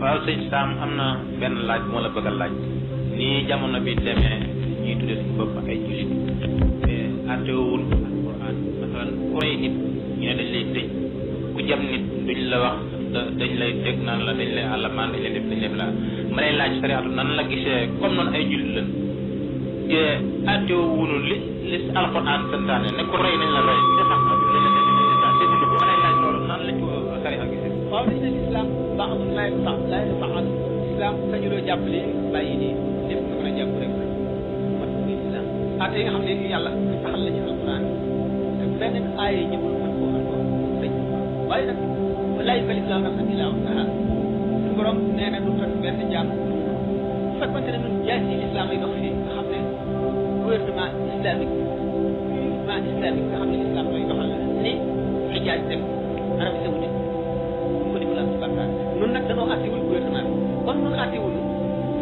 waaw sëñ Sam am na benn laaj bu ma la bëgg laaj nii jamono bi demee ñuy tudde suñu bopp ay jullit te àttewul alquran masalan ku nit ñu ne dañ lay tëj ku jam nit duñ la wax dañ lay teg naan la dañ lay àllamaan dañ lay def dañ la ma lay laaj gisee comme noonu ay jullit lañ te àttewuñu li li alquran santaane ne ko nañ la rey te la def gisee baax na laay sax laay sax ak islam sañu loo jàppale bàyyi nii lépp nga mën a jàpp rek mat muy islam atte yi nga xam ne yàlla saxal la ci alquran te benn aaya ñëpp mën koo mën koo dañ waaye nag lay fa islam nag ila waxtaha suñu borom nee na du tag benn jàmm bu fekkante ne ñun jaay si islam ay dox fii nga xam ne gouvernement islamique gouvernement islamique nga xam ne islam lay doxal ni xijaaj dem arab saoudite danoo àttewul gouvernement bi kon nun àttewul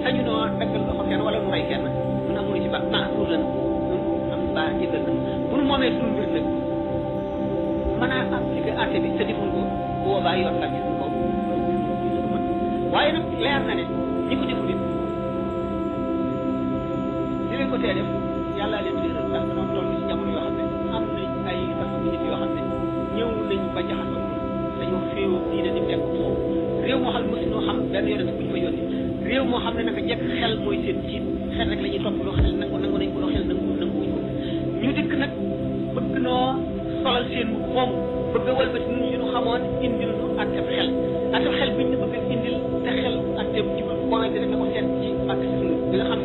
sañu noo daggal loxo kenn wala nu rey kenn nun amuñu ci baax baax suur lan nun hmm? am baax jëgal na bu nu moomee suñu mbir nag mën bi te defuñ ko bu boobaa yoon la gis ko leer na ne ñi ko defu nit di leen ko tee seen jiit xel rek la ñuy topp loo xel nangu nangu nañ ko xel nangu nangu wuñ ko ñu dikk nag bëgg noo solal seen moom bëgg a walbati nit ñu xamoon indil nu àtteeb xel àtteeb xel biñ ñu bëgg indil te xel àtteeb ci point de ne ko seet ci ak suñu bi nga xam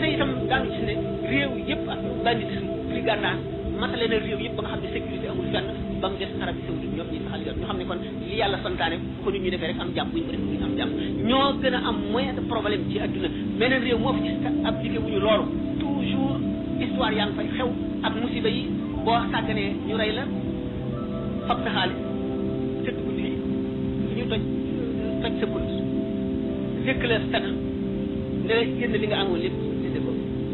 seetee itam daanu gis ne réew yëpp ak banditisme li gànnaar matale na réew yëpp ba nga xam ne sécurité amul fenn ba mu des Arabie saoudite ñoom ñi saxal yoon ñu xam ne kon li yàlla santaane bu ko nit ñu defee am jàmm am jàmm ñoo a am moyen de problème ci ak musiba yi boo sàgganee ñu rey la fab sa xaalis tëdd ñu toj toj sa bunt lékk la ne la li nga amoon lépp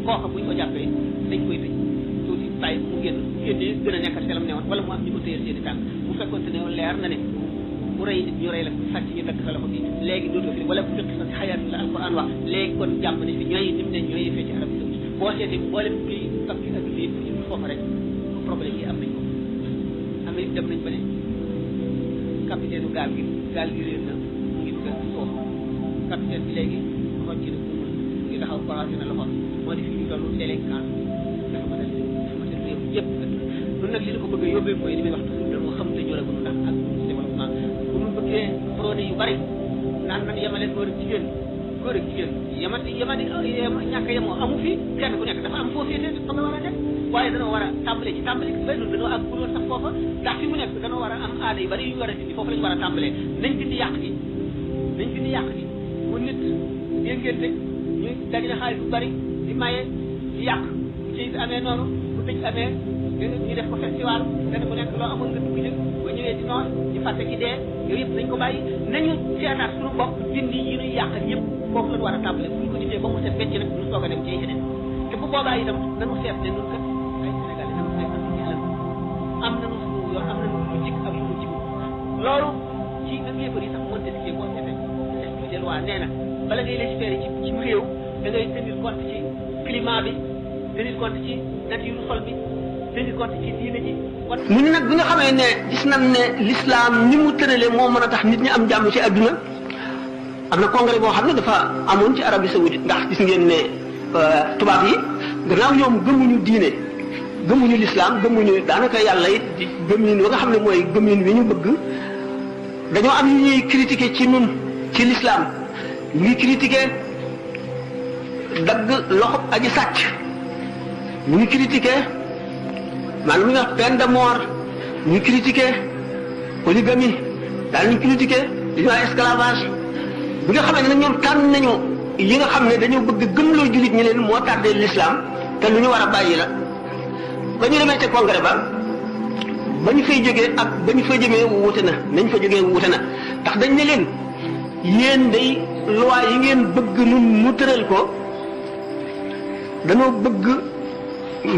kooka bu ñu ko jàppee dañ koy tëj tuuti bàyyi mu génn bu génnee gën a nekk selam newoon mu am ñu ko téyal seen i tànk bu fekkoonte ne leer na ne bu rey ñu rey la sàcc ñu dakk sa loxo bi léegi dootoo fi wala bu fekk sa xayaat la alquran wax léegi kon jàmm ne fi ñooy nim ne ñooy fee ci arab saudi boo seetee mboolem pays foofu rek problème yi am nañ ko Amérique dem nañ ba ne capitaine gaal gaal gi réer na mu ngi bëgg a suuf capitaine bi léegi xool ci ne mu ngi taxaw moo di fi ñu toll délinquance dafa mën a nag li ñu ko bëgg a yóbbee mooy li muy wax toujours dañoo xam la gën a ak bu ñu bëggee produit yu bari naan man yemale góor ak jigéen góor jigéen yemati yemati ñàkk a yemoo amu fi kenn ku nekk dafa am foo féete waaye danoo war a tàmbale ci tàmbale gi bay nun danoo ak buloon sax foofa ndax mu nekk danoo war a am aada yu bari yu ñu war a dindi foofu la ñu war a tàmbalee nañ dindi yàq gi nañ dindi yàq gi bu nit ngeen ngeen ñu dajale maye di yàq bu ciy amee noonu bu tëj amee ñu def ko festival kenn ku nekk loo amoon nga dugg jël ba ñëwee di noor di fàtte ci dee yooyu yëpp nañ ko bàyyi nañu seetaat suñu bopp dindi yi ñuy yàq yëpp foofu la ñu war a tàmbalee bu ñu ko dindee ba mu set wecc nag ñu soog a dem ci yeneen te bu boobaa itam nañu seet ne ñun kat ay Sénégalais nañu seet nañu jëlal am nañu suñu yoon am nañu lu jik am lu jik loolu ci ak yëfar yi sax Montesquieu boo defee Montesquieu waa na bala ngay légiférer ci ci réew da ngay tenir compte climat bi tenir mu ñu nag bi nga xamee ne gis nañ ne l'islam ni mu tëralee moo mën a tax nit ñi am jàmm ci adduna am na congrès boo xam ne dafa amoon ci Arabie saoudite ndax gis ngeen ne euh, tubaab yi gannaaw ñoom gëmuñu diine gëmuñu l'islam gëmuñu daanaka yàlla it gëmuñu ba nga xam ne mooy gëmuñu wi ñu bëgg dañoo am yu ñuy critiquer ci ñun ci l'islam ñuy critiquer dagg loxob aji sàcc mu ngi critiqué maanaam lu ñuy wax peine de mort ñu ngi critiqué polygamie daal ñu critiqué li ñuy wax esclavage bi nga xamee ne nag ñoom tànn nañu yi nga xam ne dañoo bëgg gëmloo julit ñi leen moo tardé l'islam te lu ñu war a bàyyi la ba ñu demee ca congrès ba ba ñu fay jógee ak ba ñu fay na nañ fa jógee na ndax dañ ne leen yéen day loi yi ngeen bëgg nun mu tëral ko dañoo bëgg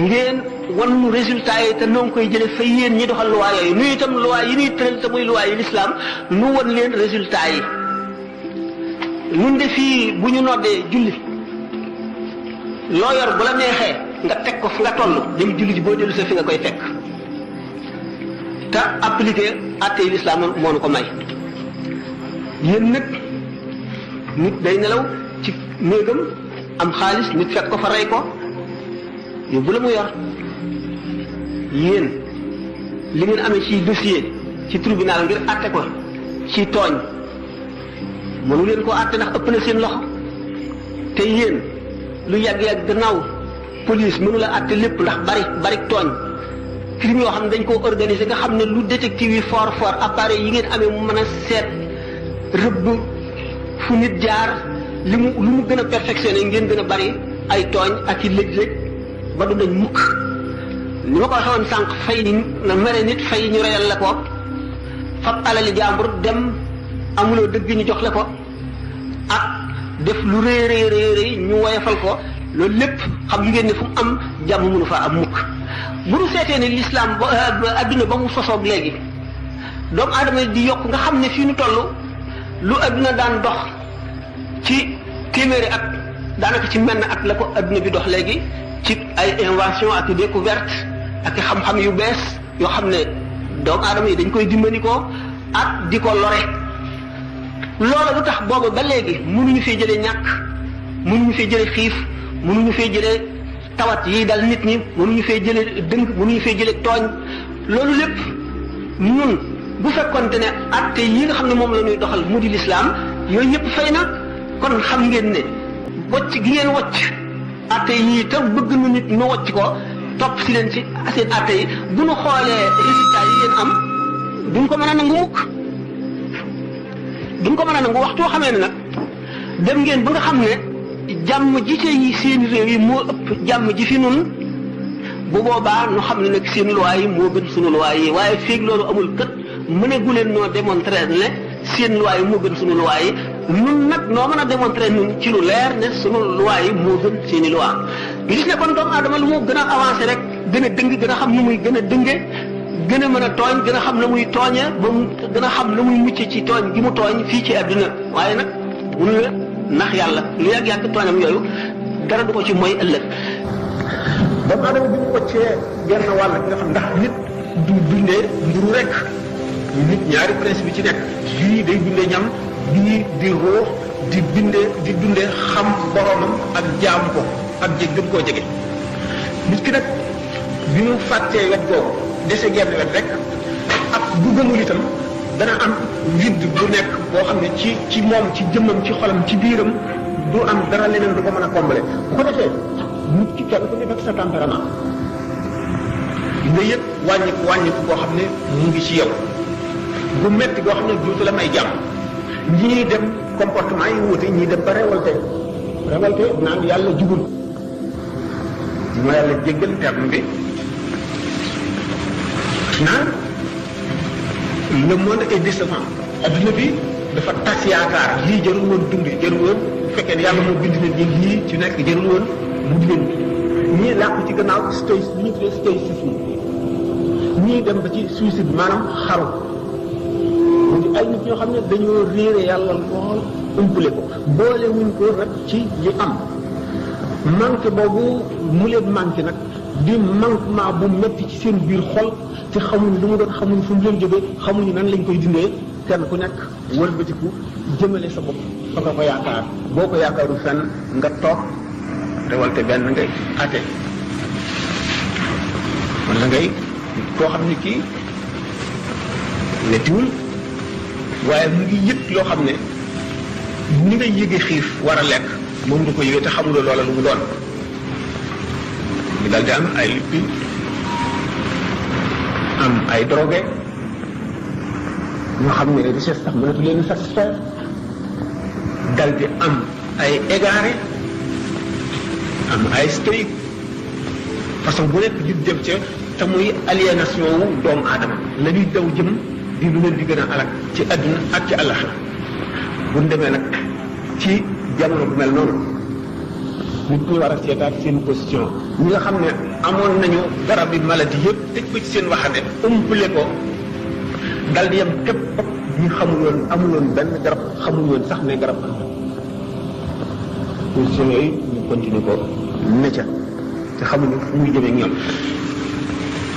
ngeen wan nu résultat yi te noo ngi koy jële fa yéen ñi doxal luwaa yooyu nuy itam luwaa yi ñuy tëral te muy luwaa yi lislaam nu wan leen résultat yi nun de fii bu ñu noddee julli loo yor bu la neexee nga teg ko fi nga toll dem julli ji boo dellu sa fi nga koy fekk te appliqué atte yi lislaam moo ko may yéen nag nit day nelaw ci néegam am xaalis nit fekk ko fa rey ko yóbbu la mu yor yéen li ngeen amee ci dossier ci tribunal ngir àtte ko ci tooñ mënu leen koo àtte ndax ëpp na seen loxo te yéen lu yàgg-yàgg gannaaw police mënu la àtte lépp ndax bari bari tooñ crime yoo xam ne dañ koo organiser nga xam ne lu détective yi fort fort appareil yi ngeen amee mu mën a seet rëbb fu nit jaar li mu lu mu gën a perfectionné ngeen gën a bari ay tooñ ak i lëj-lëj ba du dañ mukk ni ma ko waxee woon sànq fay ni na mere nit fay ñu reyal la ko fab alali jàmbur dem amuloo dëgg ñu jox la ko ak ah, def lu rëy rëy rëy rëy ñu woyofal ko loolu lépp xam ngeen ne fu mu am jàmm mënu faa am mukk bu nu seetee ne lislaam ba euh, adduna ba mu sosoog léegi doomu aadama di yokk nga xam ne fii nu toll lu adduna daan dox ci téeméeri at daanaka ci mel menn at la ko adduna bi dox léegi ci ay invention ak découverte ak xam-xam yu bees yoo xam ne doomu aadama yi dañ koy dimbandikoo ak di ko lore loola lu tax booba ba léegi mënuñu fee jëlee ñàkk mënuñu fee jëlee xiif mënuñu fee jëlee tawat yi dal nit ñi mënuñu fee jëlee dëng mënuñu fee jëlee tooñ loolu lépp ñun bu fekkonte ne atte yi nga xam ne moom la ñuy doxal mu di lislaam yooyu yëpp fay na kon xam ngeen ne wocc gi ngeen wocc atte yi itam bëgg nu nit ñu wocc ko topp si leen si seen atte yi bu nu xoolee résultat yi ngeen am duñ ko mën a nangu mukk duñ ko mën a nangu waxtoo xamee ne nag dem ngeen ba nga xam ne jàmm ji ci seen réew yi moo ëpp jàmm ji fi nun bu boobaa nu xam ne nag seen loi yi moo gën sunu loi yi waaye feeg loolu amul kët mëneegu leen noo démontrer ne seen yi moo gën sunu loi yi nun nag noo mën a démontrer nun ci lu leer ne sunu lu yi moo gën seeni loi ñu gis ne kon doomu aadama lu mu gën a avancé rek gën a dëng gën a xam nu muy gën a dënge gën a mën a gën xam na muy tooñe ba gën xam na muy mucc ci tooñ gi mu tooñ fii ci àdduna waaye nag munu la nax yàlla lu yàgg yàgg tooñam yooyu dara du ko ci mooy ëllëg doomu aadama bi mu wàccee genn wàll nga xam ndax nit du dundee mburu rek nit ñaari principe bi ci nekk yii day dundee ñam bii di ruux di bindee di dundee xam boromam ak jaam ko ak jég gën koo jege nit ki nag bi mu fàttee wet ko dese genn wet rek ak bu gëmul itam dana am vide bu nekk boo xam ne ci ci moom ci jëmmam ci xolam ci biiram du am dara leneen du ko mën a combler bu ko defee nit ki kenn ku nekk ak sa tempérament nga yëg wàññiku wàññiku boo xam ne mu ngi ci yow bu metti goo xam ne duutu la may jàmm ñii dem comportement yi wuute ñii dem ba révolté révolté naan yàlla jubul ma yàlla jéggal terme bi naan le monde est décevant adduna bi dafa tas yaakaar lii jarul woon dund jarul woon bu fekkee yàlla moo bind leen lii ci nekk jarul woon mu di leen ñii làqu ci gannaaw stoï li ñu tuddee stoïcisme ñii dem ba ci suicide maanaam xaru ay nit ñoo xam ne dañoo réere yàlla lool umpule ko boole wuñ ko rek ci li am manque boobu mu leen manque nag di manquement bu metti ci seen biir xol te xamuñ lu ma doon xamuñ fu mu leen jógee xamuñ nan lañ koy dindee kenn ku nekk wëlbatiku jëmale sa bopp fa nga ko yaakaar boo ko yaakaaru fenn nga toog rewalte benn ngay ate wala ngay koo xam ne kii nettiwul waaye mu ngi yëg loo xam ne ni ngay yëge xiif war a lekk moom du ko yëge te xamuloo loola lu mu doon mu daal am ay lippi am ay drogué ñoo xam ne richesse sax mënatu leen satisfaire di am ay égaré am ay stoïque nekk di dem ca te muy aliénation wu doomu aadama la daw jëm di lu leen di gën a alak ci àdduna ak ci àllax bu ñu demee nag ci jamono bu mel noonu nit ñi war a seetaat seen position ñi nga xam ne amoon nañu garab bi maladie yëpp tëj ko ci seen umpule ko dal di yam képp ñi xamul woon amul woon benn garab xamul woon sax ne garab position yooyu ñu ko ne ca te xamuñu fu muy jëmee ñoom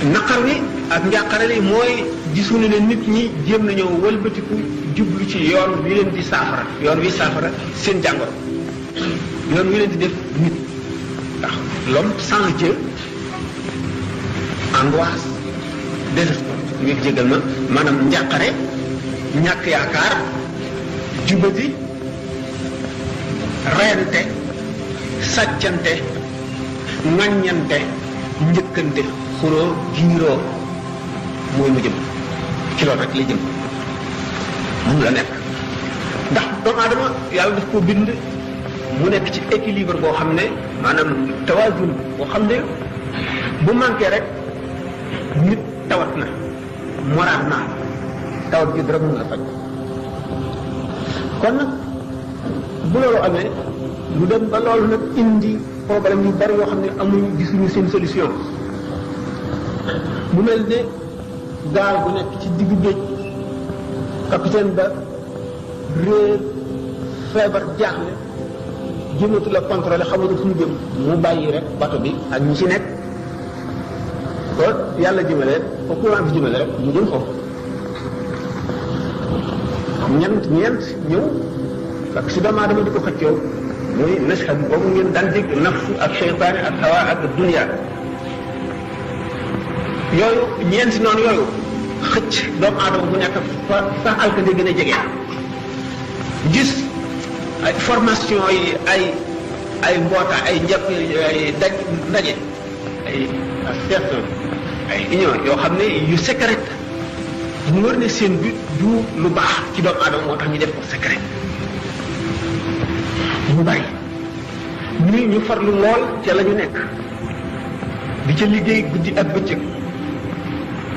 naqar wi ak njàqare li mooy gisuñu ne nit ñi jéem nañoo wëlbatiku jublu ci yoon wi leen di saafara yoon wi saafara seen jàngoro yoon wi leen di def nit ndax l'homme sans Dieu angoisse désespoir ngir jégal ma maanaam njàqare ñàkk yaakaar jubati reyante sàccante ŋàññante njëkkante xuloo giiroo mooy mu jëm ci loolu rek lay jëm mënu la nekk ndax doomu aadama yàlla daf koo bind mu nekk ci équilibre boo xam ne maanaam tawaazun boo xam ne bu manqué rek nit tawat na moraat na tawat gi dara mën la faj kon nag bu loolu amee lu dem ba loolu nag indi problème yu bari yoo xam ne amuñu gisuñu seen solution mu mel ne gaal bu nekk ci digg géej capitaine ba réer feebar jaaxle jëmatu la contrôlé xamatu fu mu jëm mu bàyyi rek bato bi ak ñi ci nekk ko yàlla jëmale ko courant bi jëmale rek mu jëm ko ñent ñent ñëw ak si dama dama di ko xëccoo muy nashad boobu ngeen daan dégg nafsu ak cheytaane ak hawa ak dunia yooyu ñeenti noonu yooyu xëcc doomu adam bu nekk fa fa alkande gën a jege gis ay formation yi ay ay mboota ay njëkk ay daj ndaje ay association ay union yoo xam yu secret mu wër ne seen bi du lu baax ci doomu aadama moo ñu def ko secret mu bari ni ñu farlu lool ca la ñu nekk di ca liggéey guddi ak bëccëg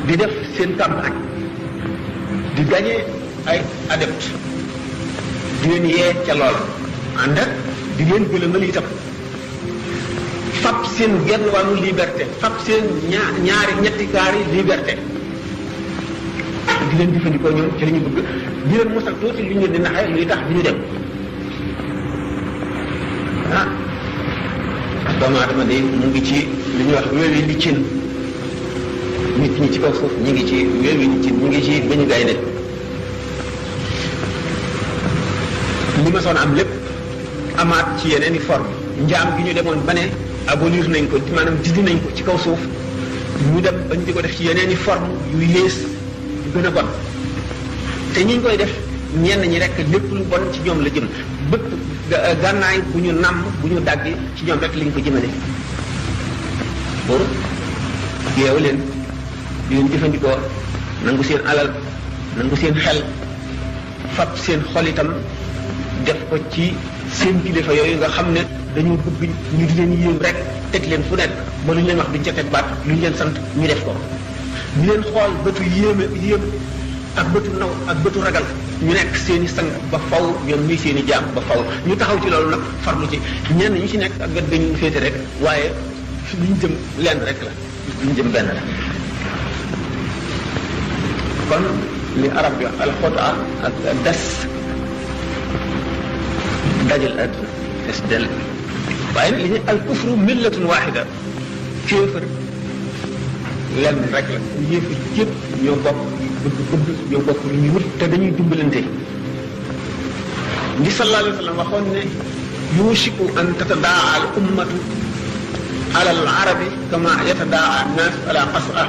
di def seen campagne di gagné ay adepte di leen yee ca loola ànd ak di leen gëlëmal itam fab seen genn wàllu liberté fab seen ñaari ñetti kaari liberté di leen jëfandikoo ñoom ci li bëgg di leen mos ak tuuti ñu di tax ñu dem ah doomu aadama de mu ngi ci li ñuy wax li nit ñi ci kaw suuf ñu ngi ci wéew yi ci ñu ngi ci ba ñu gaynde li ma soon am lépp amaat ci yeneen i forme njaam gi ñu demoon ba ne abolir nañ ko maanaam dindi nañ ko ci kaw suuf ñu dem ba ñu di ko def ci yeneen i forme yu yées yu gën a bon te ñi ñu koy def ñenn ñi rek lépp lu bon ci ñoom la jëm bët gànnaay bu ñu nàmm bu ñu dagg ci ñoom rek liñ ko jëmale boobu yeewu leen di leen jëfandikoo nangu seen alal nangu seen xel fab seen xol itam def ko ci seen kilifa yooyu nga xam ne dañuy bëgg ñu di leen yéem rek teg leen fu nekk ba lu ñu leen wax duñ ca baat lu leen sant ñu def ko ñu leen xool bëtu yéeme yéem ak bëtu naw ak bëtu ragal ñu nekk seeni sang ba faw ñoom ñuy seeni jaam ba faw ñu taxaw ci loolu nag farlu ci ñenn ñu ci nekk ak wet ga ñu féete rek waaye li ñu jëm lenn rek la li ñu jëm benn la حقا لأرب الخدعة الدس دجل أدنى اسدل وإن الكفر ملة واحدة كفر لم ركلة يفر كيف يوبك بالكبر يوبك من يمر تدني دمبلنتي صلى الله عليه وسلم وخوني يوشك أن تتداعى الأمة على العربي كما يتداعى الناس على قصرة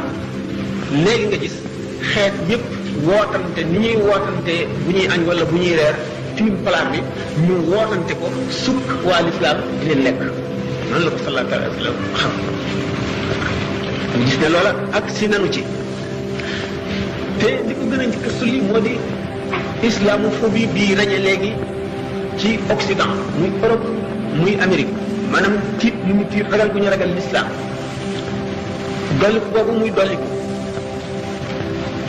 ليه نجس xeet yépp wootante ni ñuy wootante bu ñuy añ wala bu ñuy reer tiim palaat bi ñu wootante ko sukk waa lislaam di leen lekk noonu la ko gis ne loola ak ci te li ko gën a njëkk sulli moo di islamophobie bii rañe léegi ci Occident muy Europe muy Amérique maanaam tiit ñu mu tiit ragal bu ñu ragal l'islam dolliku boobu muy dolliku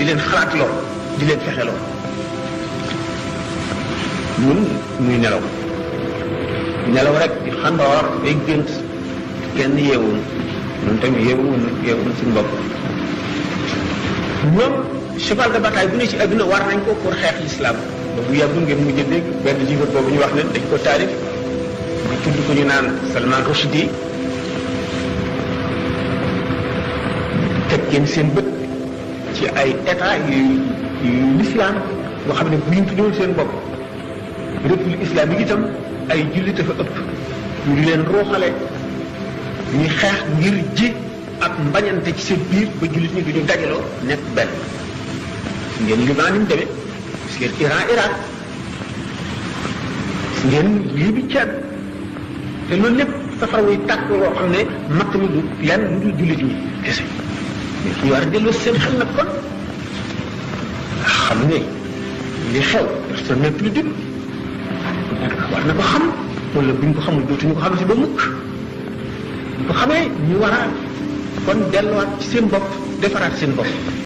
di leen xalaat loo di leen fexe loo ñun ñuy nelaw nelaw rek di xandoor day gént kenn yeewuñ ñun tamit yeewuñ yeewuñ suñu bopp ñoom cheval de bataille bu ne ci adduna war nañ ko pour xeex l'islam ba bu yàggul mu mujj dégg benn jiifar boobu ñu wax ne dañ ko taarif ñu tudd ko ñu naan Salman Rushdie teg kenn seen bët ci ay état yu yu lislaam nga xam ne buñ tuddee seen bopp république islamique itam ay jullit dafa ëpp ñu di leen ruuxale ñu xeex ngir ji ak mbañante ci seen biir ba jullit ñi duñu dajaloo nekk benn ngeen Liban ni mu demee gis ngeen ngeen lii bi ceeb te loolu lépp safara wuy tàkk loo xam ne matt mi du lenn lu dul jullit ñi kese mais ñu war a delloo seen xel nag kon xam ne li xew personne n'est plus dupe war na ko xam wala bu ñu ko xamul dootuñu ko xamati ba mukk bu ko xamee ñu war a kon delluwaat ci seen bopp defaraat seen bopp.